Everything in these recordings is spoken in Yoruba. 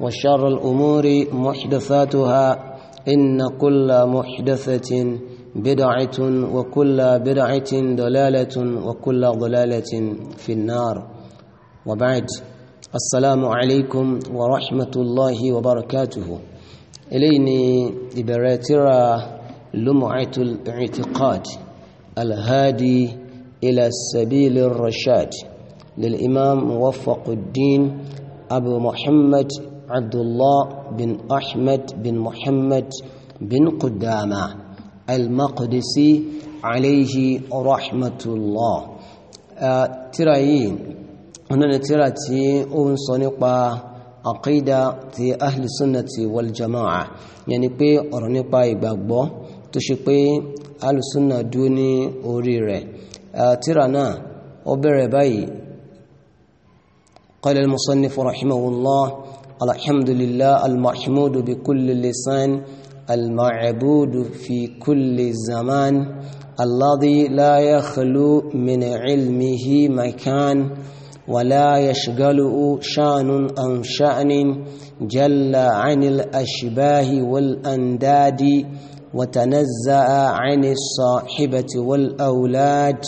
وشر الأمور محدثاتها إن كل محدثة بدعة وكل بدعة ضلالة وكل ضلالة في النار وبعد السلام عليكم ورحمة الله وبركاته إليني إبراترة لمعة الاعتقاد الهادي إلى السبيل الرشاد للإمام موفق الدين أبو محمد عبد الله بن أحمد بن محمد بن قدامة المقدسي عليه رحمة الله ترايين هنا تراتي أنصنقا عقيدة في أهل السنة والجماعة يعني بي أرنقا إباقبو تشقي أهل السنة دوني أوريري ترانا أبري باي قال المصنف رحمه الله الحمد لله المحمود بكل لسان المعبود في كل زمان الذي لا يخلو من علمه مكان ولا يشغله شان عن شأن جل عن الأشباه والأنداد وتنزأ عن الصاحبة والأولاد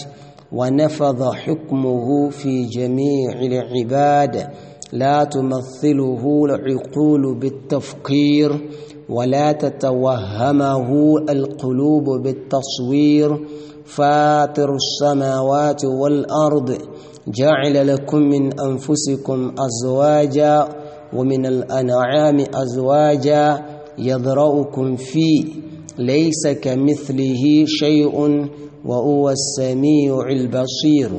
ونفض حكمه في جميع العباد لا تمثله العقول بالتفكير ولا تتوهمه القلوب بالتصوير فاطر السماوات والأرض جعل لكم من أنفسكم أزواجا ومن الأنعام أزواجا يذرؤكم فيه ليس كمثله شيء وهو السميع البصير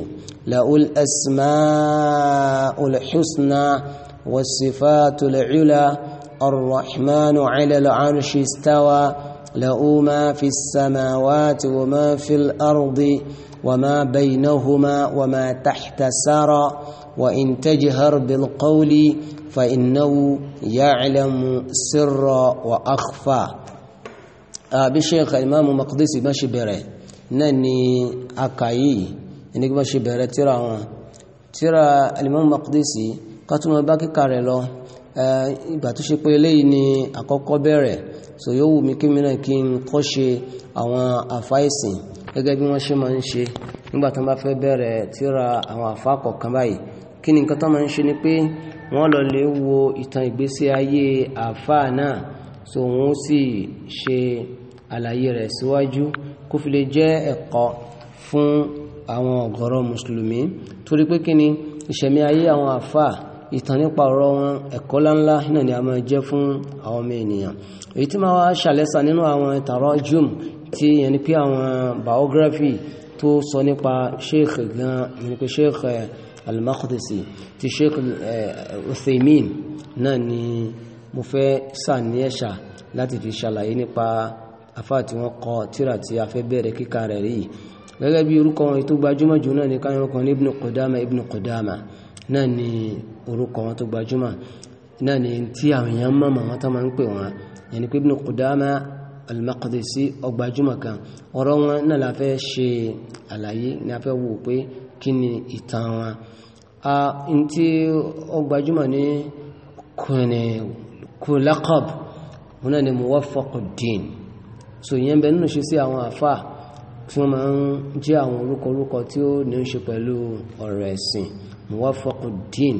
له الأسماء الحسنى والصفات العلى الرحمن على العرش استوى له ما في السماوات وما في الأرض وما بينهما وما تحت سرى وإن تجهر بالقول فإنه يعلم سر وأخفى أبي آه، شيخ الإمام مقدسي ماشي بره نني أكايي ẹni kí wọ́n ṣe bẹ̀rẹ̀ tíra wọn tíra alimami Maqdisi kátùmọ̀ bá kíkà rẹ̀ lọ ìgbà tó ṣe pé eléyìí ni àkọ́kọ́ bẹ̀rẹ̀ so yóò wù mí kí mi náà kí n kọ́ ṣe àwọn àfáìsìn gẹ́gẹ́ bí wọ́n ṣe máa ń ṣe nígbà tó bá fẹ́ bẹ̀rẹ̀ tíra àwọn àfá kọ̀ọ̀kan báyìí kí ni nǹkan tó máa ń ṣe ni pé wọ́n lọ lè wo ìtàn ìgbésí ayé àfá náà so wọ́n sì ṣe àlàyé rẹ̀ síwájú kó fi lè jẹ́ ẹ̀kọ́ fún àwọn ọ̀gọ̀rọ̀ mùsùlùmí torí pé kí ni ìṣẹ̀mí ayé àwọn àfà ìtàn nípa ọ̀rọ̀ wọn ẹ̀kọ́ láńlá náà ni a máa jẹ́ fún àwọn ọmọ ènìyàn èyí tí máa wá ṣàlẹ́sà nínú àwọn tarajum tí yẹn ni pé àwọn biography tó sọ nípa sheikh gan ni pé sheikh eh, al-Maqdisi ti sheikh eh, Uthaymin náà ni mo fẹ́ sàníyàṣà láti fi ṣàlàyé nípa afá tí wọ́n kọ tíra tí a fẹ́ bẹ̀rẹ̀ kíkà rẹ̀ rí yìí gẹ́gẹ́ bí orúkọ wọn tó gbajúmọ̀ jù náà ni káyọ̀ kan ní ibn Qudama ibn Qudama náà ni orúkọ wọn tó gbajúmọ̀ náà ni tí àwọn èèyàn mọ̀ màmá tó máa ń pè wọn yẹn pé ibn Qudama al-Maqdisi ọgbajúmọ̀ kan ọ̀rọ̀ wọn náà la fẹ́ ṣe àlàyé ni a fẹ́ wò pé kí ni ìtàn wọn n tí ọgbajúmọ̀ ní kùnìkùnlákọ̀b wọn náà ni Muwafaquddin so ìyẹn bẹ nínú ṣe sí àwọn àfáà tí wọ́n máa ń jẹ́ àwọn orúkọ orúkọ tí ó ní í ṣe pẹ̀lú ọ̀rọ̀ ẹ̀sìn muwafaquddin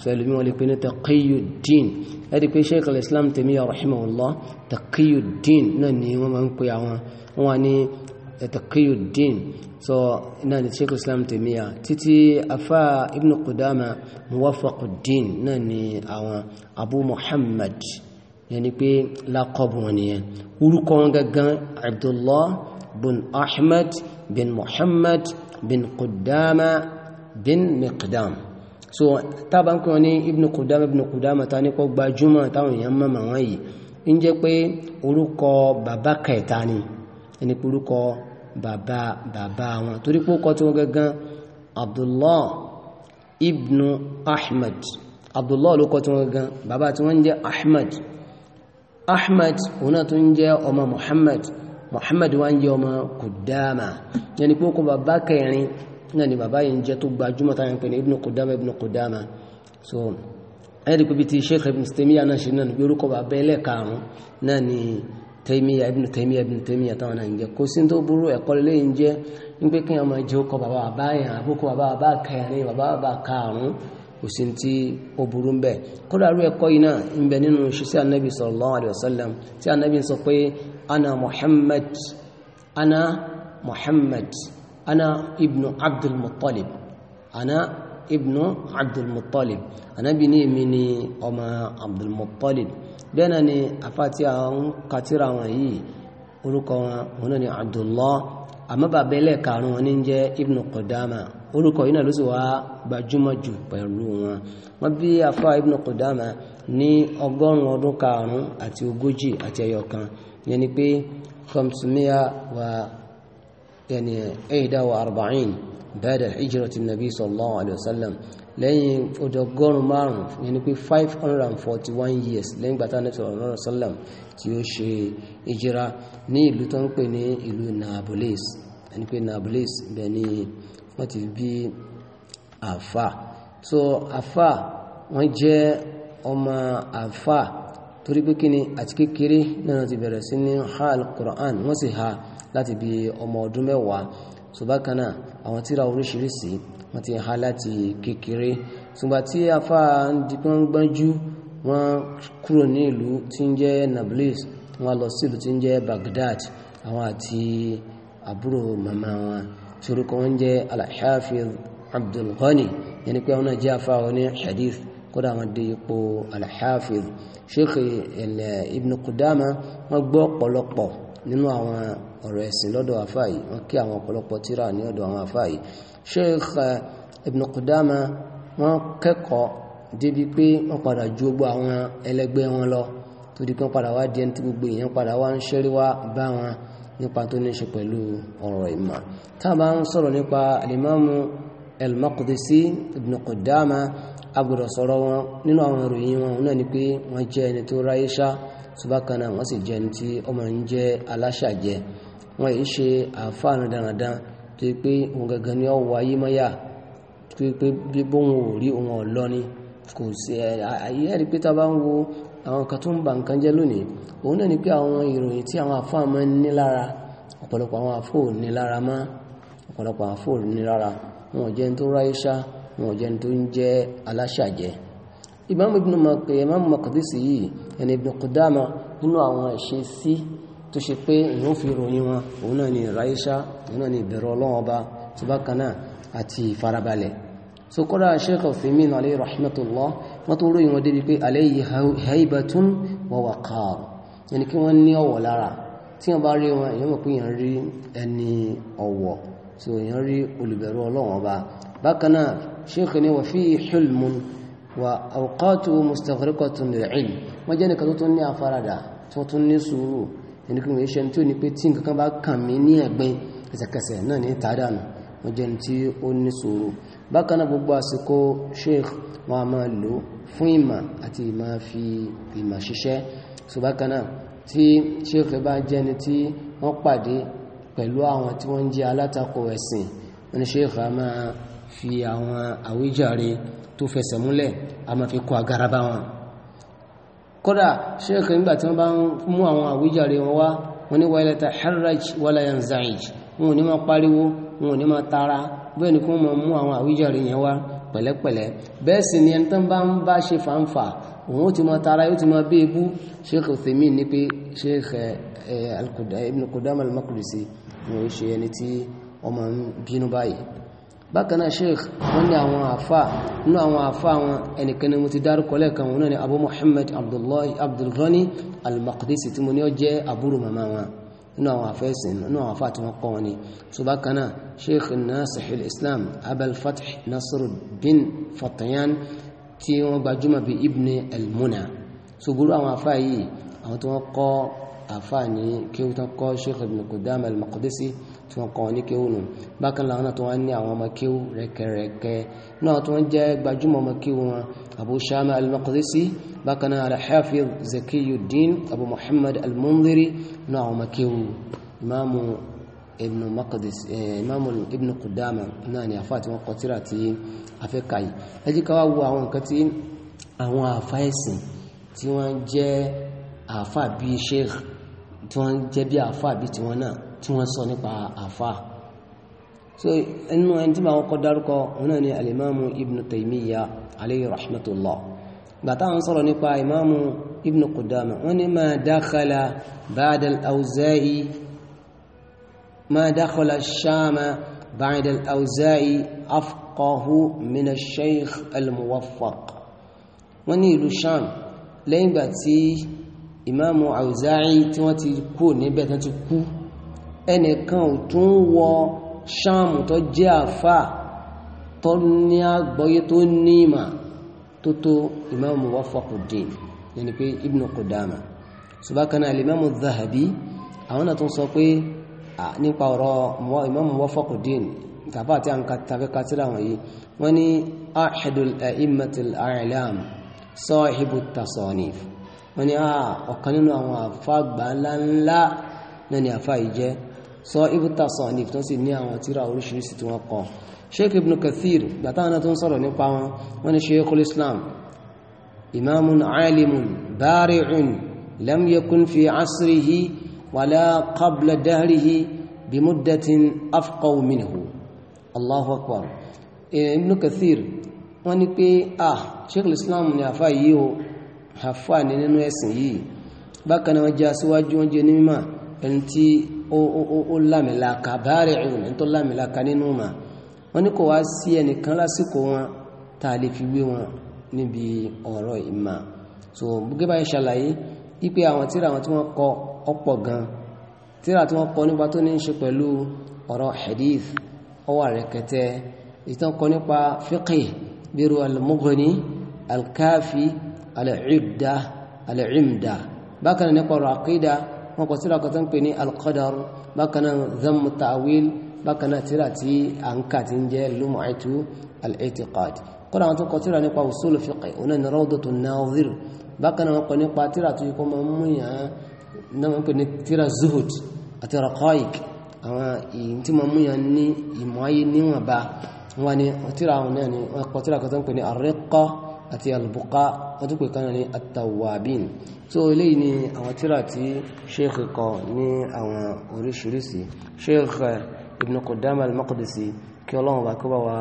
so ẹlòmí wọn lè pe ní taqiyuddin ẹ̀dí pé sheikh al-islam Taymiyya rahimahullah taqiyuddin náà eh, so náà ni sheikh al-islam Taymiyya títí afa ibn qudama muwafaquddin náà ni àwọn abu muhammad yẹni pé lákọ̀bù wọn nìyẹn orúkọ بن أحمد بن محمد بن قدامة بن مقدام so tábà ń kọ́ ní ibnu kudama ibnu kudama ta ní kọ́ gbajúmọ̀ táwọn èèyàn mọ̀ mọ̀ wọ́n yìí ń jẹ́ pé orúkọ bàbá kẹta ni ẹni pé orúkọ bàbá bàbá wọn torí pé ó kọ́ tí wọ́n gangan abdullah ibnu ahmed abdullah ló kọ́ tí wọ́n gangan bàbá tí wọ́n ń jẹ́ ahmed ahmed òun náà tún ń jẹ́ ọmọ muhammad Muhammad wa ń jẹ́ ọmọ Kudama yẹn ni pé okùn bàbá kẹrin náà ni bàbá yìí ń jẹ́ tó gbajúmọ̀ táyà ń pè ní Ibn Kudama Ibn Kudama so ẹ̀rí pé bí ti Sheikh Ibn Taymiyyah náà ṣe náà ni bí orúkọ bàbá ẹlẹ́karùn-ún náà ni Taymiyyah Ibn Taymiyyah Ibn Taymiyyah táwọn náà ń jẹ́ kò sí tó burú ẹ̀kọ́ lé ń jẹ́ ń pé kí wọ́n máa jẹ́ okọ̀ bàbá bàbá yẹn àbúkọ bàbá bàbá kẹrin bàbá bàbá karùn kò sí tí ó burú ń bẹ̀ kódà ẹ̀kọ́ yìí náà ń bẹ nínú ṣiṣẹ́ Ànábì sallallahu alaihi wasallam tí Ànábì sọ pé أنا محمد أنا محمد أنا ابن عبد المطلب أنا ابن عبد المطلب أنا بني مني أما عبد المطلب بينني أفاتي أن كثيرا وهي أولوكا هنا عبد الله àmọ́ bàbá ẹlẹ́ẹ̀karùn wọn ní ń jẹ́ ibn Qudama orúkọ yìí náà ló sì wá gbajúmọ̀ jù pẹ̀lú wọn wọ́n bí afá ibn Qudama ní ọgọ́rùn-ún ọdún karùn-ún àti ogójì àti ẹyọ kan yẹn ni pé khamsumiya wa yẹn ẹ̀ẹ́dá wa arba'in ba'da hijrati nabi sallallahu alayhi wa sallam lẹ́yìn ọdọgọ́rùn márùn yẹn ni pé five hundred and forty one years lẹ́yìn gbàtà nabi sallallahu alayhi wa sallam tí ó ṣe ìjìra ní ìlú tó ń pè ní ìlú Nablus wọ́n ti bí so àfà wọ́n jẹ́ ọmọ àfà torí pé kí ni àti kékeré náà ti bẹ̀rẹ̀ sí ní ha quran wọ́n sì ha láti bí ọmọ ọdún mẹ́wàá ṣùgbọ́n àwọn tíra oríṣiríṣi wọ́n ti ha láti kékeré ṣùgbọ́n tí afá dìpọ́ ń gbọ́njú wọ́n kúrò ní ìlú tí ń jẹ́ Nablus wọ́n lọ sí ìlú tí ń jẹ́ Baghdad àwọn àti àbúrò màmá wọn torí kọ́ wọ́n jẹ́ Al-Hafiz Abdul Ghani yẹn ni pé àwọn náà jẹ́ afá wọn ní hadith kódà wọn dé ipò alhafiz sheikh eh, ibn kudama wọn gbọ́ ọ̀pọ̀lọpọ̀ nínú àwọn ọ̀rọ̀ ẹ̀sìn lọ́dọ̀ àfáàyè wọn kí àwọn ọ̀pọ̀lọpọ̀ tíra ní ọ̀dọ̀ àwọn àfáàyè sheikh eh, ibn kudama wọn kẹ́kọ̀ọ́ débi pé wọn padà ju gbogbo àwọn ẹlẹgbẹ́ wọn lọ torí pé wọn padà wá di ẹni tí gbogbo èèyàn padà wá ń ṣẹ́rí wá bá wọn nípa tó ní ṣe pẹ̀lú ọ̀rọ̀ ìmọ̀ tá bá ń sọ̀rọ̀ nípa alimamu al ibn kudama agbọ́dọ̀ sọ̀rọ̀ wọn nínú àwọn ìròyìn wọn náà ni pé wọ́n jẹ́ ẹni tó ráyé ṣá subakana wọ́n sì jẹ́ ẹni tí ọmọ ń jẹ́ aláṣàjẹ wọ́n yìí ṣe àfáànù dandan tó yẹ pé òun gangan ni ọwọ́ ayé mọ́yà tó yẹ pé bí bóun ò rí òun ọ̀lọ́ ni kò sí ayé ẹ̀rí pé tá a bá ń wo àwọn kan tó ń ba nǹkan jẹ́ lónìí òun náà ni pé àwọn ìròyìn tí àwọn àfáà máa ní lára ọ̀pọ̀lọpọ̀ àwọn àfóò ní lára má ọ̀pọ̀lọpọ̀ àfóò ní lára wọn ò jẹ́ ẹni tó ráyé ṣá wọn ò jẹ́ ní tó ń jẹ́ aláṣàjẹ́ Imam Ibn Maqdisi Imam Maqdisi yìí ẹni Ibn Qudama nínú àwọn ẹ̀ṣẹ́ sí tó ṣe pé ìyẹn fi ròyìn wọn òun náà ni raisha òun náà ni ìbẹ̀rù ọlọ́wọ́n ọba tó bá kan náà àti ìfarabalẹ̀ so kọ́ra Sheikh Uthaymeen alayhi rahmatullah wọ́n tó ròyìn wọn débi pé alayhi haibatun wa waqar ẹni kí wọ́n ní ọ̀wọ̀ lára tí wọ́n bá rí wọn èèyàn mọ̀ pé èèyàn rí ẹni ọ̀wọ̀ so èèyàn rí olùbẹ̀rù ọlọ́wọ́n ọba bákan náà sheikh ni wa fi hulmun wa awqatu mustaghriqatun lil ilm wọ́n jẹ́ nìkan tó tún ní afárádà tó tún ní sùúrù ẹni kí wọ́n ṣe tí ó ní pé tí nǹkan bá kàn mí ní ẹ̀gbẹ́ ẹsẹ̀kẹsẹ̀ náà ní tàdánù wọ́n jẹ́ tí ó ní sùúrù bákan náà gbogbo àsìkò sheikh wọn a máa lò fún ìmọ̀ àti ìmọ̀ fi ìmọ̀ ṣiṣẹ́ so bákan náà tí sheikh bá jẹ́ ni tí wọ́n pàdé pẹ̀lú àwọn tí wọ́n ń jẹ́ alátakò ẹ̀sìn wọn ni sheikh a máa fi àwọn àwíjàre tó fẹsẹ̀ múlẹ̀ a máa fi kó agara bá wọn kódà ṣéèkì nígbà tí wọ́n bá ń mú àwọn àwíjàre wọn wá wọn ní wàlẹ̀ ta harraj wala yanzaj wọn ò ní máa pariwo wọn ò ní máa tara bẹ́ẹ̀ ni kí wọ́n máa mú àwọn àwíjàre yẹn wá pẹ̀lẹ́pẹ̀lẹ́ bẹ́ẹ̀ sì ni ẹni tó ń bá ń bá ṣe fàǹfà òun ó ti máa tara yóò ti máa bí ebú sheikh uthemin ní pé sheikh eh, eh, ibn Qudama ni ó ṣe ẹni tí ọmọ ń bínú báyìí bákanáà sheikh wọ́n ní àwọn àfá nínú àwọn àfá wọn ẹnìkan ni mo ti dárúkọ lẹ́ẹ̀kan wọn náà ni abu muhammad abdullahi abdulghani al-maqdisi tí mo ní ó jẹ́ àbúrò màmá wọn nínú àwọn àfẹ́sìn nínú àwọn àfá tí wọ́n kọ́ wọn ni so bákanáà sheikh nasihul islam abel fatih nasiruddin fatayan tí wọ́n gbajúmọ̀ bí ibn al-muna so burú àwọn àfá yìí àwọn tí wọ́n kọ́ àfá ní kí wọ́n kọ́ sheikh ibn qudama al-maqdisi tí wọ́n kọ́ ní kéwù nù bákan làwọn náà tó wọ́n ní àwọn ọmọ kéwù rẹkẹrẹkẹ náà tó wọ́n jẹ́ gbajúmọ̀ ọmọ kéwù wọn abu shama al-maqdisi bákan náà al-hafiz zakiyuddin abu muhammad al-mundhiri náà àwọn ọmọ kéwù imaamu ibn maqdis eh, imaamu ibnu Kudama, náà ni àfa tí wọ́n kọ tírà tí afẹ́ka yìí ẹ jẹ́ ká wá wo àwọn nǹkan tí àwọn àfa ẹ̀sìn tí wọ́n jẹ́ àfa bíi sheikh tí wọ́n jẹ́ bíi àfa bíi tiwọn náà tí wọ́n sọ nípa àfà so inú ẹni tí máa kọ́ dárúkọ òun náà ni alimamu ibn taimiyya alayhi rahmatullah gbàtà ń sọ̀rọ̀ nípa imamu ibn qudama wọ́n ni ma dakhala ba'da al-awza'i ma dakhala ash-shama ba'da al-awza'i afqahu min al-muwaffaq wọ́n ní ìlú sham lẹ́yìn gbà tí imamu awza'i tí wọ́n ti kú níbẹ̀ tán ti kú ẹnìkan ò tún wọ ṣáàmù tó jẹ́ àfà tó ní àgbọ́yé tó ní ìmà tó tó ìmáàmù Wafaquddin yẹni pé Ibn Qudama ṣùgbọ́n alìmáàmù Dhahabi àwọn náà tún sọ pé nípa ọ̀rọ̀ ìmáàmù Wafaquddin tàbá àti àǹkàtàkẹ́kà tí láwọn yìí wọ́n ní ahadul a'immatil a'lam sahibu tasanif wọ́n ní ọ̀kan nínú àwọn àfà gbà ńláńlá náà ni àfà yìí jẹ́ sọ ibùta sọ ní ìfitọ́ sí ní àwọn tíra oríṣiríṣi tí wọ́n kọ sheikh ibn kathir gbàtàwọn náà tó ń sọ̀rọ̀ nípa wọn wọ́n ní sheikhul islam imamun alimun bari'un lam yakun fi asrihi wala qabla dahrihi bi muddatin afqaw minhu allahu akbar e, ibn kathir wọ́n ní pé ah sheikh islam ni àfa yìí o àfa ni nínú ẹ̀sìn yìí bákan náà wọ́n jẹ́ aṣíwájú wọ́n jẹ́ ní mímọ́ ẹni tí ó lámìlaka báàrẹ ìrùn ẹni tó lámìlaka nínú ma wọ́n ní kò wá sí ẹnìkan lásìkò wọn tá a lè fi wé wọn níbi ọ̀rọ̀ ìmà so gẹ́gẹ́ báyìí ṣàlàyé ipe àwọn tíra àwọn tí wọ́n kọ ọ̀pọ̀ gan tíra tí wọ́n kọ nípa tó ní í ṣe pẹ̀lú ọ̀rọ̀ hadith ọwà rẹ̀kẹtẹ ìtàn kọ nípa fiqh bíru al-Mughni al-Kafi bákan nípa ọ̀rọ̀ àkídà wọn kọ síra kọtán pè ní alqadar bákanáà zammu ta'wil bákanáà tíra tí a ń kà tí ń jẹ́ lum'atu al-i'tiqad kọ́ra àwọn tó kọ tíra nípa usul fiqh òun náà ni rawdatu an-nadhir bákanáà wọn kọ nípa tíra tó yẹ kó máa mú yàn náà wọn pè ní tíra zuhud àti raqaiq àwọn ìyìn tí máa mú yàn ní ìmọ̀ ayé níwọ̀nba wọn ni tíra àwọn náà ni wọn kọ tíra kọtán pè ní ar àti alùbùká wọ́n tún pè kan ní atawabin so eléyìí ni àwọn tíra tí sheikh kọ ní àwọn oríṣiríṣi sheikh ibn Qudama al-Maqdisi kí ọlọ́run bá kó bá wa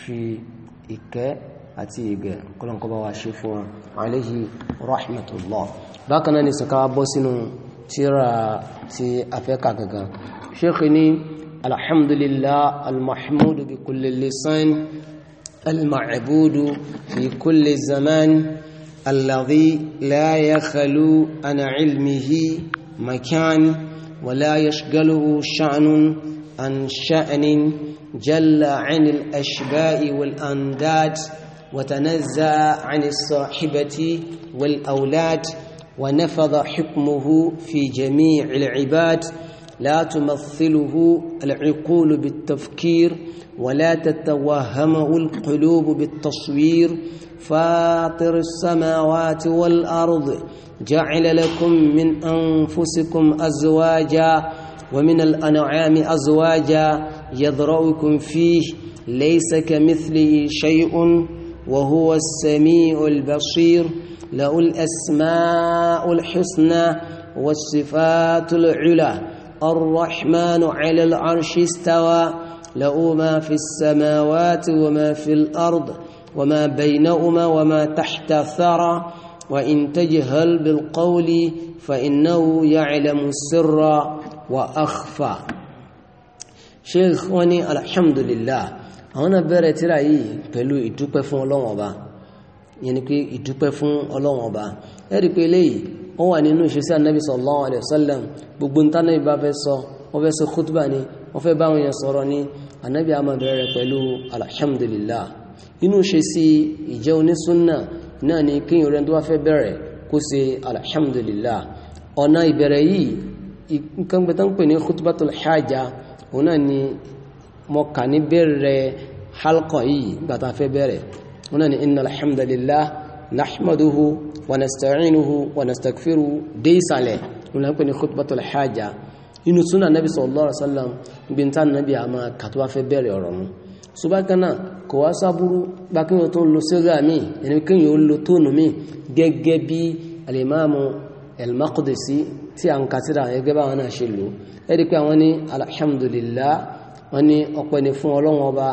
fi ìkẹ́ àti ìgẹ̀ ọlọ́run kó bá wa ṣe fún wa alayhi المعبود في كل الزمان الذي لا يخلو عن علمه مكان ولا يشغله شأن عن شأن جل عن الأشباء والأنداد وتنزه عن الصاحبة والأولاد ونفض حكمه في جميع العباد لا تمثله العقول بالتفكير ولا تتوهمه القلوب بالتصوير فاطر السماوات والأرض جعل لكم من أنفسكم أزواجا ومن الأنعام أزواجا يذرؤكم فيه ليس كمثله شيء وهو السميع البصير له الأسماء الحسنى والصفات العلى الرحمن على العرش استوى له ما في السماوات وما في الأرض وما بينهما وما تحت ثرى وإن تجهل بالقول فإنه يعلم السر وأخفى شيخ وني الحمد لله أنا بẹ̀rẹ̀ tírà yìí pẹ̀lú ìdúpẹ́ fún Ọlọ́run Ọba yẹn ni pé ìdúpẹ́ fún wọ́n wà nínú ìṣesí ànábì sallallahu alaihi wasallam gbogbo ń tánà ìbá fẹ́ sọ wọ́n fẹ́ sọ kútùbà ni wọ́n fẹ́ báwọn yẹn sọ̀rọ̀ ni ànábì amadu rẹ̀ pẹ̀lú alhamdulillah inú ìṣesí ìjẹ́ onísúnnà náà ni kí ìrẹ́ tó wá fẹ́ bẹ̀rẹ̀ kó ṣe alhamdulillah ọ̀nà ìbẹ̀rẹ̀ yìí nǹkan gbẹ̀tà ń pè ní khutbatul haja òun náà ni mo ونستعينه ونستغفره ديساله ونقول خطبة الحاجة inú súnà nẹ́bí sallallahu alaihi wasallam ibi ń tán nẹ́bí àmà kàtúwà fẹ́ bẹ̀rẹ̀ ọ̀rọ̀ mú ṣùgbọ́nkaná kò wá sábúrú bá kí wọ́n tó lo sígá mi ẹni kí yóò lo tóònù mi gẹ́gẹ́ bí alimamu al-Maqdisi tí a ń kàtírà gẹ́gẹ́ bá wọn náà ṣe lò ẹ́rí pé àwọn ní alhamdulillah wọn ní ọpẹ́ ni fún Ọlọ́hun ọba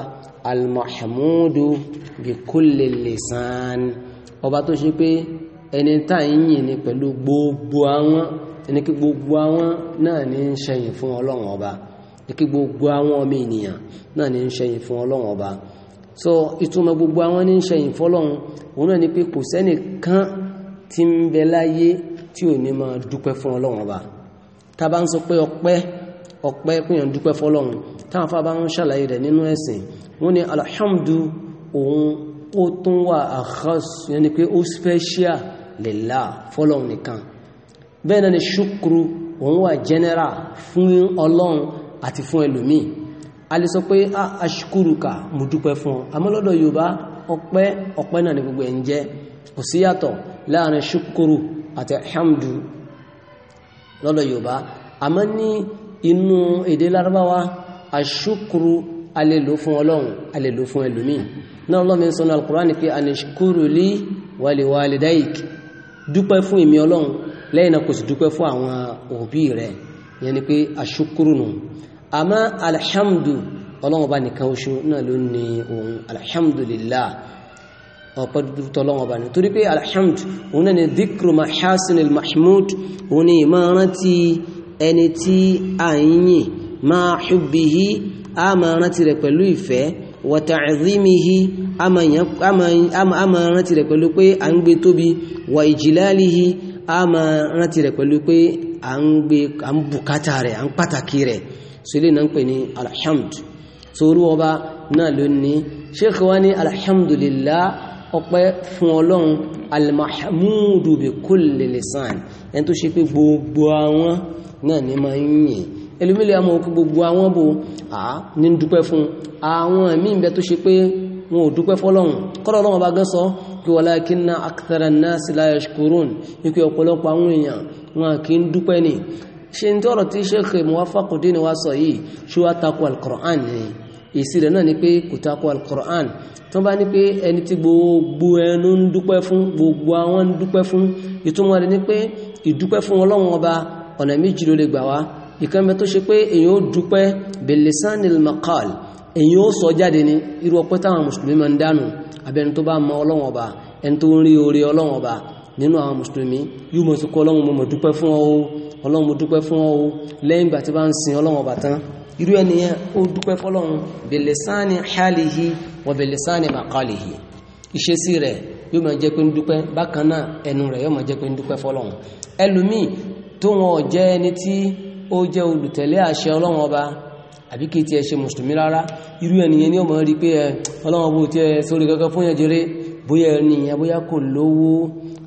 al-mahmudu bi kulli lisan ọba tó ṣe pé ẹni tá yìnyìn ni pẹ̀lú gbogbo àwọn ẹni kí gbogbo àwọn náà ní ń ṣẹyìn fún ọlọ́run ọba ní kí gbogbo àwọn ọmọ ènìyàn náà ní ń ṣẹyìn fún ọlọ́run ọba so ìtumọ̀ gbogbo àwọn ní ń ṣẹyìn fún ọlọ́run òun náà ni pé kò sẹ́nìkan tí ń bẹ láyé tí ò ní máa dúpẹ́ fún ọlọ́run ọba tá a bá ń sọ pé ọpẹ́ ọpẹ́ pèèyàn dúpẹ́ fọlọ́run táwọn afá bá ń ṣàlàyé rẹ̀ nínú ẹ̀sìn wọ́n ní alhamdu òun ó tún wà àkọ́sù yẹn ni pé ó special lillah fọ́lọ́hun nìkan bẹ́ẹ̀ náà ni ṣúkúrú òun wà jẹ́nẹ́rà fún ọlọ́run àti fún ẹlòmí a lè sọ pé a aṣkúrùkà mo dúpẹ́ fún àmọ́ lọ́dọ̀ Yorùbá ọpẹ́ ọpẹ́ náà ni gbogbo ẹ̀ ń jẹ́ kò sí yàtọ̀ láàrin ṣúkúrù àti hamdu lọ́dọ̀ Yorùbá àmọ́ ní inú èdè larabawa aṣúkúrù a lè lò fún ọlọ́run a lè lò fún ẹlòmí náà lọ́mí sọ́nà dúpẹ́ fún ìmí ọlọ́run lẹ́yìn náà kò sì dúpẹ́ fún àwọn òbí rẹ̀ yẹn ni pé aṣukuru nù alhamdu ọlọ́run ọba nìkan oṣù náà ló ní òun alhamdulillah ọ̀pọ̀ tọ́lọ́wọ́ bá ní torí pé alhamd òun náà ni dhikru mahasin mahmud òun ni ma rántí ẹni tí a ń yìn ma hubbihi a ma rántí rẹ̀ pẹ̀lú ìfẹ́ wàtàzímihì a máa rántí rẹ̀ pẹ̀lú pé a ń gbé tóbi wà ìjìláàlìhì a máa rántí rẹ̀ pẹ̀lú pé a ń gbé a ń bùkátà rẹ̀ a ń pàtàkì rẹ̀ so ilé náà ń pè ní alhamd so ọba náà ló ní ní alhamdulillah ọpẹ́ fún ọlọ́run almahmudu bi kulli lisan ẹni tó ṣe pé gbogbo àwọn náà ní máa ń yìn ẹlòmílẹ̀ àmọ́ òkú gbogbo àwọn bò à ní dúpẹ́ fún àwọn ẹ̀mí ìbẹ̀ tó ṣe pé wọn ò dúpẹ́ fọ́lọ́run kọ́lọ̀ lọ́wọ́ bá gán sọ kí walakinna akthara an-nasi la yashkurun ní pé ọ̀pọ̀lọpọ̀ àwọn èèyàn wọn kì ni ṣe ní ọ̀rọ̀ tí Sheikh Muwafaquddin wa sọ al-Qur'an ni èsì rẹ̀ náà al-Qur'an tó bá ní pé ẹni tí gbogbo ẹnu ń dúpẹ́ fún gbogbo àwọn ń dúpẹ́ fún ìtumọ̀ ọ̀nà méjì ló lè gbà wá ìkànnì tó ṣe pé èyàn ó dúpẹ́ bilisanil maqal èyàn ó sọ jáde ní irú ọpẹ́ táwọn mùsùlùmí máa ń dánù abẹni tó bá mọ Ọlọ́hun Ọba ẹni tó ń rí orí Ọlọ́hun Ọba nínú àwọn mùsùlùmí yóò mọ̀ sí kọ́ Ọlọ́hun mo dúpẹ́ fún ọ o Ọlọ́hun mo dúpẹ́ fún ọ o lẹ́yìn ìgbà tí bá ń sin Ọlọ́hun Ọba tán irú ẹniyẹn ó dúpẹ́ fọ́lọ́run tó wọn jẹ́ ẹni tí ó jẹ́ olùtẹ̀lé àṣẹ ọlọ́run ọba àbí kí tí ẹ ṣe mùsùlùmí rárá irú ẹniyẹn ní ọmọ rí pé ẹ ọlọ́run ọba tí ẹ sórí kankan fún yẹn jẹrẹ bóyá ẹniyẹn bóyá kò lówó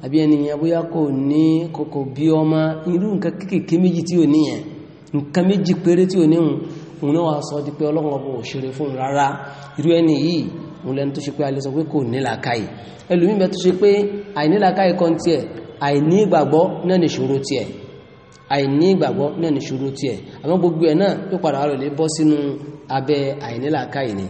àbí ẹniyẹn bóyá kò ní kòkò bí ọmọ irú nǹkan kéékèèké méjì tí ò níyẹn nǹkan méjì péré tí ò níhun òun náà wàá sọ di pé ọlọ́run ọba ò ṣeré fún rárá irú ẹni yìí òun lẹni tó ṣe pé a sọ pé kò nílàkàyè ẹlòmíì tó ṣe pé àìnílàkàyè kan tiẹ̀ àìní ìgbàgbọ́ náà nìṣòro tiẹ̀ àìní ìgbàgbọ́ náà ní ṣòro tiẹ̀ àmọ́ gbogbo ẹ̀ náà tó padà wà lè bọ́ sínú abẹ́ àìnílàáká yìí ni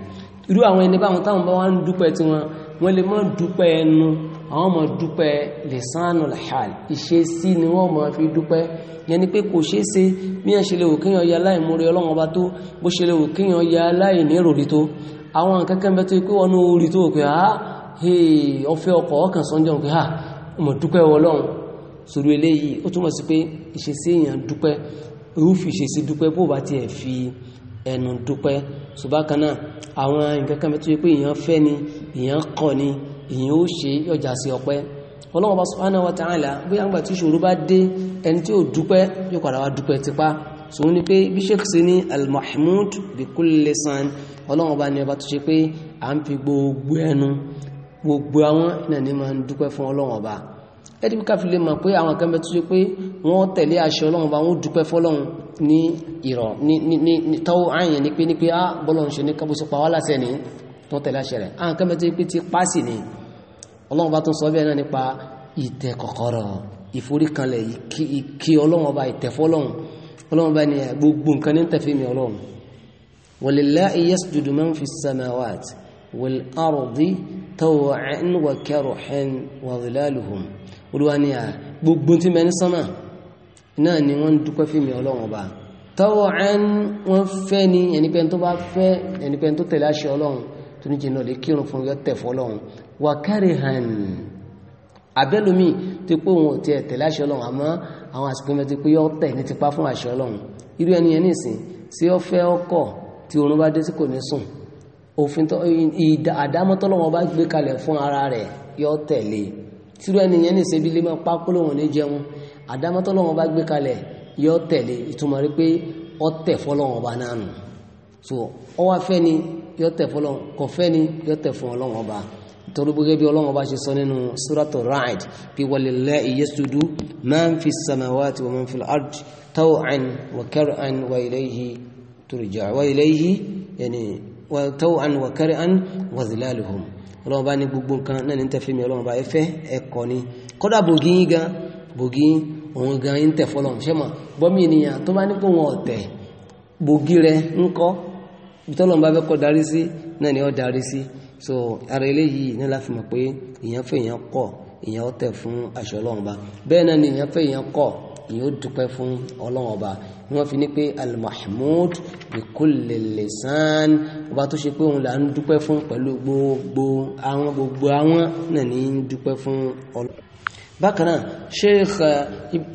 irú àwọn ẹni báwọn táwọn bá wọn ń dúpẹ́ tí wọn wọn lè mọ́ dúpẹ́ ẹnu àwọn ọmọ dúpẹ́ lisanul hal ìṣesí ni wọ́n mọ̀ fi dúpẹ́ yẹn ni pé kò ṣeé ṣe bí wọ́n ṣe lè wò kéèyàn ya aláìmoore ọlọ́run ọba tó bó ṣe lè wò kéèyàn ya aláìníròrí tó àwọn kankan bẹ tó yẹ pé wọn ní orí tó wò pé ah ọfẹ ọkọ̀ ọkàn sọ́njọ́ pé ah ọmọ dúpẹ́ ọlọ́run sòrò eléyìí ó túmọ̀ sí pé ìṣesí èèyàn dúpẹ́ irúfì ìṣesí dúpẹ́ bó bá tiẹ̀ fi ẹnu dúpẹ́ ṣùgbọ́n kan náà àwọn nǹkan kan tó yẹ pé èèyàn fẹ́ ni èèyàn kọ̀ ni èèyàn ó ṣe ọjà sí ọpẹ́ ọlọ́wọ́ bá subhanahu wa ta'ala bóyá ń gbà tí ìṣòro bá dé al-mahmud bi kulli san ọlọ́wọ́ bá ní ọba tó ṣe pé à ń gbogbo àwọn náà ni máa ń dúpẹ́ fún ọlọ́wọ́ bá ẹ̀dí ká fi lè mọ̀ pé àwọn kan bẹ tó ṣe pé wọ́n tẹ̀lé àṣẹ ọlọ́run bá wọ́n dúpẹ́ fọ́lọ́run ní ìrọ̀ ní tọ́wọ́ àyìn ní pé ní pé á ah, bọ́lọ́run ṣe ní kábùsọ pa wá láṣẹ ní tó tẹ̀lé àṣẹ rẹ̀ àwọn kan bẹ tó ṣe pé ti pàṣì ní ọlọ́run bá tó sọ bẹ́ẹ̀ náà nípa ìtẹ̀ kọ̀kọ̀rọ̀ ìforíkanlẹ̀ ìkí ọlọ́run ọba ìtẹ̀ fọ́lọ́run olúwa ní à gbogbo tí mẹ́ni sánmà náà ni wọ́n ń dúpẹ́ fíìmì ọlọ́run ọba tọ́wọ́ ẹn wọ́n fẹ́ ni ẹnipẹ́ni tó bá fẹ́ ẹnipẹ́ni tó tẹ̀lé àṣẹ ọlọ́run tó ní jìnnà lè kírun fún yọ tẹ̀ fọlọ́run wà kárí hàn abẹ́lómi tó pé òun ò tiẹ̀ tẹ̀lé àṣẹ ọlọ́run àmọ́ àwọn àsìkò mẹ́ta pé yọ tẹ̀ ní tipa fún àṣẹ ọlọ́run irú ẹni yẹn nìsín sí ọfẹ́ ọkọ̀ tí oorun bá dé tí tẹ̀lé tírú ẹnìyẹn ní ṣe bí lè máa pákó lòun ní jẹun àdámọ́tọ́ lọ́wọ́ bá gbé kalẹ̀ yọ tẹ̀lé ìtumọ̀ rí pé ọ tẹ̀ fọlọ́wọ́ bá náà so ọ wá fẹ́ ni yọ tẹ̀ fọlọ́wọ́ kọ fẹ́ ni yọ tẹ̀ fún ọlọ́wọ́ bá torí gẹ́gẹ́ bí ọlọ́wọ́ bá ṣe sọ nínú suratu Ra'd pé walillahi yasjudu man fi samawati wa man fil ardi taw'an wa karhan wa ilayhi turja'un wa ilayhi yani taw'an wa karhan wa zilaluhum ọlọ́run bá ní gbogbo nǹkan náà ní tẹ̀fẹ́ ọlọ́run bá ẹfẹ́ ẹ̀kọ́ ni kọ́dà bògì yín gan bògì òun gan yín tẹ̀fọ́ ṣé mà bọ́mí ènìyàn tó bá ní wọn ọ̀tẹ̀ bògì rẹ ńkọ́ ìtọ́lọ́run bá fẹ́ kọ́ darí sí náà ni so ara eléyìí ní láti mọ̀ pé èèyàn fẹ́ èèyàn èèyàn fún àṣọ ọlọ́run bá bẹ́ẹ̀ náà ni èèyàn fẹ́ èèyàn wọ́n fi ní pé al-mahmud bi kulli lisan ọba tó ṣe pé òun là ń dúpẹ́ fún pẹ̀lú gbogbo àwọn gbogbo àwọn náà ní ń dúpẹ́ fún ọlọ́ bákan náà sheikh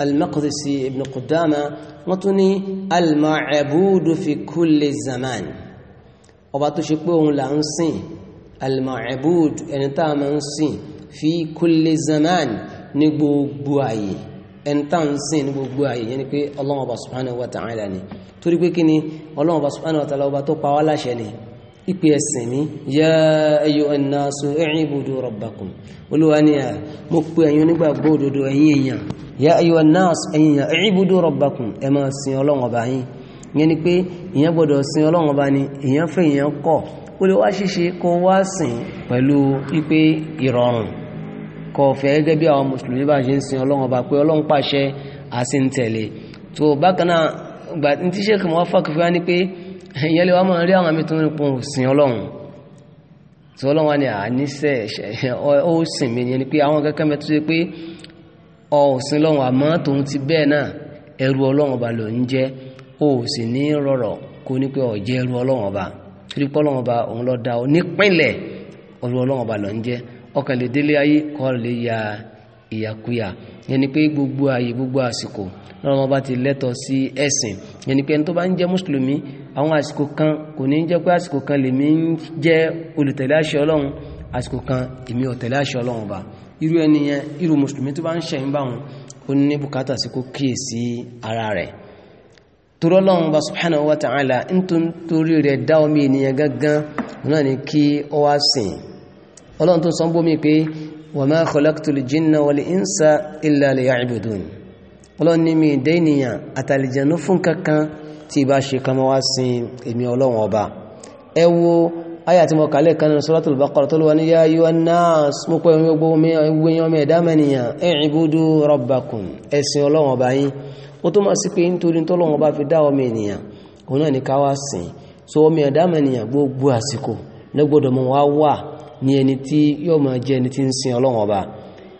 al-maqdisi ibn qudama wọ́n tún ní al-ma'budu fi kulli zaman ọba tó ṣe pé òun là ń sìn al-ma'bud ẹni tá a máa ń sìn fi kulli zaman ní gbogbo àyè ẹ̀ntànsìn ní gbogbo ayé yẹn ni pé Ọlọ́hun Ọba subhanahu wa ta'ala ni torí pé kí ni Ọlọ́hun Ọba subhanahu wa ta'ala ọba tó pa wá láṣẹ ni ìpè ẹ̀sìn mi ya ayyuhan nasu i'budu rabbakum olúwa ni à mo pe ẹ̀yin onígbàgbọ́ òdodo ẹ̀yin èèyàn ya ayyuhan nasu ẹ̀yin èèyàn i'budu rabbakum ẹ máa sin Ọlọ́hun Ọba yín yẹn ni pé ìyẹn gbọ́dọ̀ sin Ọlọ́hun Ọba ni ìyẹn fẹ́ ìyẹn kọ̀ ó ṣíṣe kó wá sìn pẹ̀lú ìpè ìrọ̀rùn kọ̀ọ̀fẹ́ gẹ́gẹ́ bí àwọn mùsùlùmí bá ṣe ń sin ọlọ́run ọba pé ọlọ́run pàṣẹ àti ń tẹ̀lé tó bákan náà gbà ní tí sèkì wọn fàkì fún wa pé ìyẹn lè wá máa rí àwọn àmì tó ń pọn òsìn ọlọ́run tí ni àníṣe ó sìn mí ni pé àwọn kẹ́kẹ́ mẹ́tọ́ ṣe pé ọ̀sìn lọ́run àmọ́ tòun ti bẹ́ẹ̀ náà ẹrú ọlọ́run ọba ló ń jẹ́ ó sì ní rọ̀rọ̀ kó ní pé ọ̀jẹ́ ẹrú ọlọ́run ọba torí pé ọba òun ló dá ọ nípínlẹ̀ ẹrú ọlọ́run ọba ló ń jẹ́ ọkàn lè délé ayé kọ́ lè ya ìyàkuyà yẹn ni pé gbogbo ààyè gbogbo àsìkò lọ́wọ́ wọn bá ti lẹ́tọ̀ọ́ sí ẹ̀sìn yẹn ni pé ẹni tó bá ń jẹ́ mùsùlùmí àwọn àsìkò kan kò ní jẹ́ pé àsìkò kan lèmi ń jẹ́ olùtẹ̀lé àṣẹ ọlọ́run àsìkò kan èmi ò tẹ̀lé àṣẹ ọlọ́run ọba irú ẹni yẹn irú mùsùlùmí tó bá ń ṣẹ̀yìn báwọn ó ní bùkátà sí kó kíyèsí ara rẹ̀ torí ọlọ́run bá subhanahu wa ta'ala ń torí rẹ̀ dá omi ènìyàn gángan náà ni kí ó wá sìn ọlọ́run tó sọ ń bómi pé wa ma khalaqtul jinna wal insa illa liya'budun ọlọ́run ní mi ìdẹ́ ènìyàn àtàlìjẹ̀nú fún kankan tí ìbá ṣe kama wá sin èmi ọlọ́run ọba ẹ wo ayà tí mo kàlẹ̀ kan nínú suratul baqara tó lọ́wọ́ ní ya ayyuhan nas mo pẹ́ omi gbogbo omiyan omi ẹ̀dá mẹ́niyàn i'budu rabbakum ẹ̀sìn ọlọ́run ọba yín ó tó máa sí pé nítorí tọ́lọ́run ọba fi dá ọmọ ènìyàn òun náà ní ká wá sìn so omi ẹ̀dá mẹ́niyàn gbogbo àsìkò lẹ́gbọ́dọ̀ mọ́ wá wà Ni ẹni tí yóò máa jẹ́ ẹni tí ń sin ọlọ́run ọba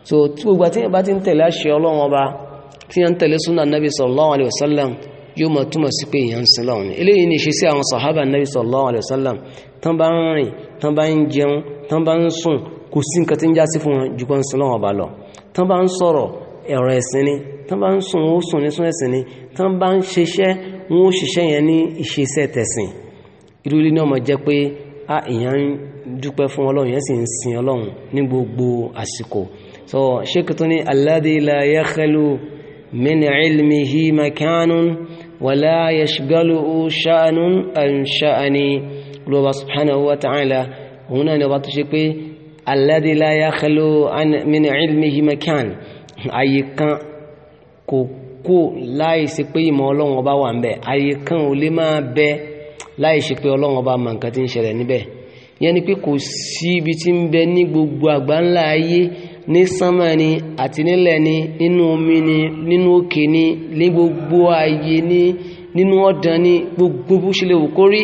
so tí gbogbo àti ìyẹn bá ti ń tẹ̀lé àṣẹ ọlọ́run ọba tí yẹn tẹ̀lé súnà nàbì sallallahu alayhi wa sallam yóò máa túmọ̀ sí pé èèyàn ń sin lọ́run ni eléyìí ni ìṣesí wa sallam tán bá ń rìn tán bá ń jẹun tán bá ń sùn kò sí nǹkan tí ń já sí fún wọn jù kọ́ ń sin lọ́run ọba lọ tán bá ń sọ̀rọ̀ náà mọ̀ jẹ́ pé a èèyàn dúpẹ́ fún ọlọ́run yẹn sì ń sin ọlọ́run ní gbogbo àsìkò so sheikh tó ní alladhi la yakhlu min ilmihi makanun wala yashghaluhu sha'nun an sha'ni lọ́wọ́ subhanahu wa ta'ala òun náà ni ọba tó ṣe pé alladhi la yakhlu min ilmihi makan ayé kan kò kó láìsí pé ìmọ̀ ọlọ́run ọba wà ń bẹ ayé kan ò lè máa bẹ láìsí pé ọlọ́run ọba mọ̀ nǹkan tí ń ṣẹlẹ̀ níbẹ̀ yẹn ni pé kò sí ibi tí ń bẹ ní gbogbo àgbáńlá ayé ní sánmà ni àti nílẹ̀ ni nínú omi ni nínú òkè ni ní gbogbo ayé ni nínú ọ̀dàn ni gbogbo bó ṣe lè wò kórí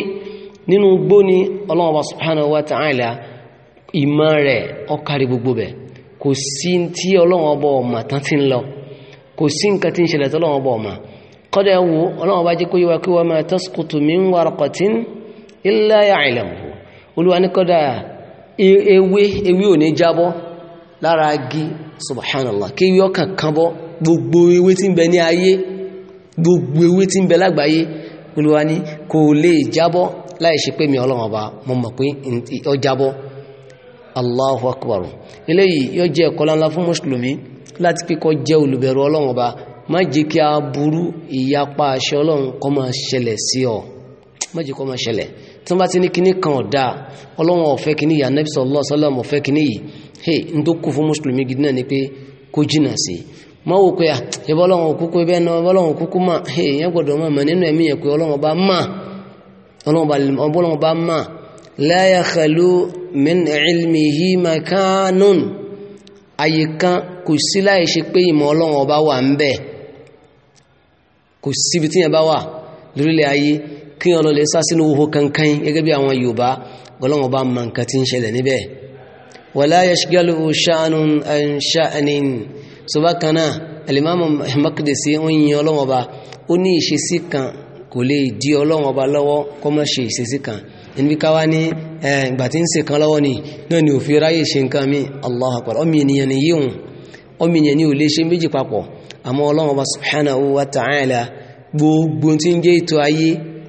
nínú gbó ni ọlọ́run ọba subhanahu wa ta'ala ìmọ̀ rẹ̀ ó gbogbo bẹ̀ kò sí tí ọlọ́run ọba ọ̀mà tán ti ń lọ kò sí nǹkan tí ń ṣẹlẹ̀ tọ́lọ́run ọba ọ̀mà kọ́dà ẹ̀wò ọlọ́run ọba jẹ́ kó yíwa kí wọ́n máa tasqutu min waraqatin illa ya'lamu olúwa ní kọ́dà e-, ewé ewé ò ní jábọ́ lára agi subhanallah kí yọ́ kankan bọ́ gbogbo ewé tí ń bẹ ní ayé gbogbo ewé tí ń bẹ lágbàáyé olúwa ní kò lè jábọ́ láìṣe pé mi ọlọ́run ọba mo mọ̀ pé ó jábọ́ allahu akbar eléyìí yóò jẹ́ ẹ̀kọ́ láńlá fún mùsùlùmí láti kíkọ́ jẹ́ olùbẹ̀rù ọlọ́run má jẹ́ kí a burú ìyapa àṣẹ ọlọ́run kó máa ṣẹlẹ̀ sí ọ má jẹ́ kó máa ṣẹlẹ̀ tí wọ́n bá ti ní kíní kan ọ̀dá ọlọ́run ọ̀fẹ́ kíní yìí anabi sallallahu alaihi wasallam ọ̀fẹ́ kíní yìí he n tó kú fún mùsùlùmí gidi náà ni pé kó jìnnà sí i mọ wò pé ìbọn ọlọ́run òkúkú ibẹ̀ náà ìbọn ọlọ́run òkúkú mà he ìyẹn gbọ́dọ̀ mọ̀ mọ̀ nínú ẹ̀mí yẹn pé ọlọ́run bá mà ọlọ́run bá mà la kí wọn lọ lè sá sínú owó kankan gẹ́gẹ́ bí àwọn yorùbá gọlọ́wọ́n bá mọ nǹkan tí ń ṣẹlẹ̀ níbẹ̀ wala yashgalu sha'nun an sha'nin sọ́bákaná alimamu Maqdisi ó yin ọlọ́wọ́n bá ó ní ìṣesí kan kò lè di ọlọ́wọ́n bá lọ́wọ́ kọ́ mọ́ ṣe ìṣesí kan níbi káwá ní ìgbà tí ń ṣe kan lọ́wọ́ ni náà ni òfin ráyè ṣe nǹkan mi Allahu ọmọ ènìyàn ni yíhun ọmọ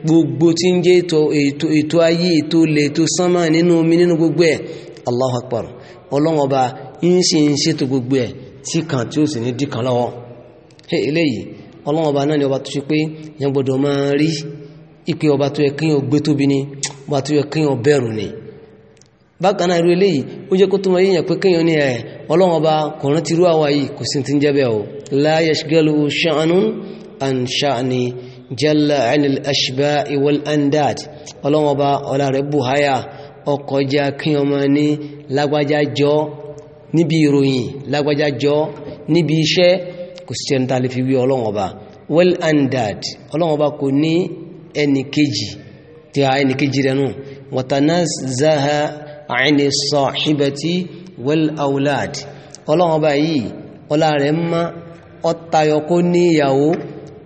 gbogbo tí ń jẹ́ ètò ayé ètò ilẹ̀ ètò sánmà nínú omi nínú gbogbo ẹ̀ Allahu Akbar ọlọ́run ọba ń ṣe ń ṣètò gbogbo ẹ̀ tí kan tí ó sì ní dìkan lọ́wọ́ eléyìí ọlọ́run náà ni ọba tó ṣe pé yẹn gbọ́dọ̀ máa rí ìpè ọba tó yẹ kíyàn gbé tóbi ni ọba tó yẹ kíyàn bẹ̀rù ni bákan náà irú eléyìí ó jẹ́ kó tó máa yíyàn pé kíyàn ní ẹ̀ ọlọ́run ọba kọ̀ọ̀rán ti àwa yìí kò sí ti ń jẹ́ bẹ́ẹ̀ o la yashgalu sha'nun an jalla anil ashba iwal andad ọlọ́wọ́n bá ọlá rẹ̀ buhaya ọkọjá kí ọmọ ní lágbájá jọ níbi ìròyìn lágbájá jọ níbi iṣẹ́ kò sí ẹni tàà lè fi wí ọlọ́wọ́n bá well andad ọlọ́wọ́n bá kò ní ẹni kejì tí a ẹni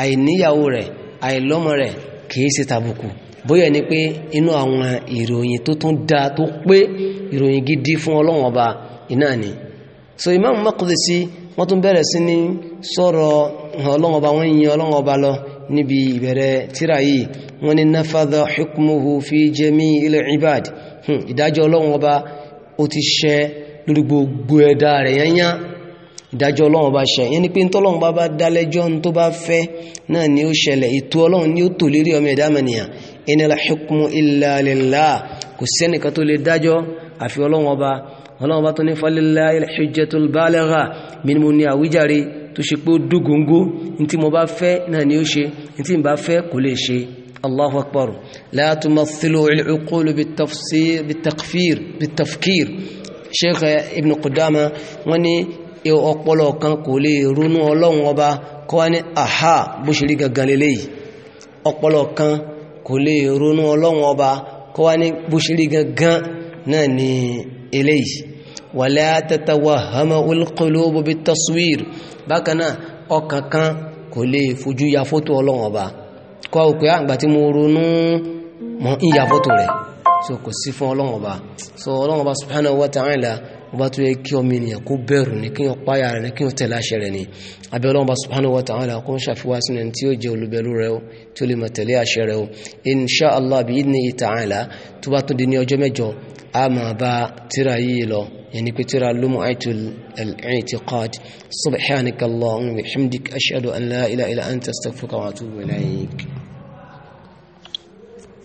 àìníyàwó rẹ̀ àìlọ́mọ rẹ̀ kìí ṣe tàbùkù bóyá ni pé inú àwọn ìròyìn tó tún dáa tó pé ìròyìn gidi fún ọlọ́wọ́n ọba iná ni so Imam Maqdisi wọ́n tún bẹ̀rẹ̀ sí ní sọ̀rọ̀ ọlọ́wọ́n ọba wọ́n yin ọlọ́wọ́n ọba lọ níbi ìbẹ̀rẹ̀ tíra yìí wọ́n ní nafadha hukmuhu fi jami'il ibad hmm, ìdájọ́ ọlọ́wọ́n ọba ó ti ṣẹ lórí gbogbo ẹ̀dá rẹ̀ yányán ìdájọ́ ọlọ́run bá ṣe yẹn ni pé ntọ́lọ́run bá bá dálẹ́jọ́ tó bá fẹ́ náà ni ó ṣẹlẹ̀ ètò ọlọ́run ni ó tò lérí ọmọ ẹ̀dá mẹ́nìyàn inil hukmu illa lillah kò sẹ́nìkan tó lè dájọ́ àfi ọlọ́run ọba ọlọ́run bá tó ní falillahil hujjatul baligha mi ni mo ní àwíjàre tó ṣe pé ó dúgóńgó ntí mo bá fẹ́ náà ni ó ṣe ntí mo bá fẹ́ kò lè ṣe Allahu akbar Sheikh Ibn Qudama wọ́n ọpọlọ kan kò lè ronú ọlọ́run ọba kọ́ wá ní àhá bó ṣe rí gangan lélẹ́yìí ọpọlọ kan kò lè ronú ọlọ́run ọba kọ́ wá ní bó ṣe rí gangan náà ní eléyìí wala tatawahama al-qulubu bit-taswir bákan náà ọkàn kan kò lè fojú ya fótó ọlọ́run ọba kọ́ òkè àgbà tí mo ronú mọ́ ìyá fótó rẹ̀ so kò sí fún ọlọ́run ọba so ọlọ́run ọba subhanahu wa ta'ala ọba tó yẹ kí ọmọ ènìyàn kó bẹ̀rù ní kí wọ́n páyà rẹ̀ ní kí wọ́n tẹ̀lé àṣẹ rẹ̀ ni abẹ́ọ́lọ́wọ́n bá subhanahu wa ta'ala kó ń ṣàfiwá sínú ẹni tí ó jẹ́ olùbẹ̀rù rẹ̀ o lè máa tẹ̀lé àṣẹ rẹ̀ o insha allah bi idnihi ta'ala tó bá tún di ní ọjọ́ mẹ́jọ a máa bá tíra yìí lọ يعني كتير لمعة الاعتقاد سبحانك اللهم وبحمدك أشهد أن لا إله إلا أنت أستغفرك وأتوب إليك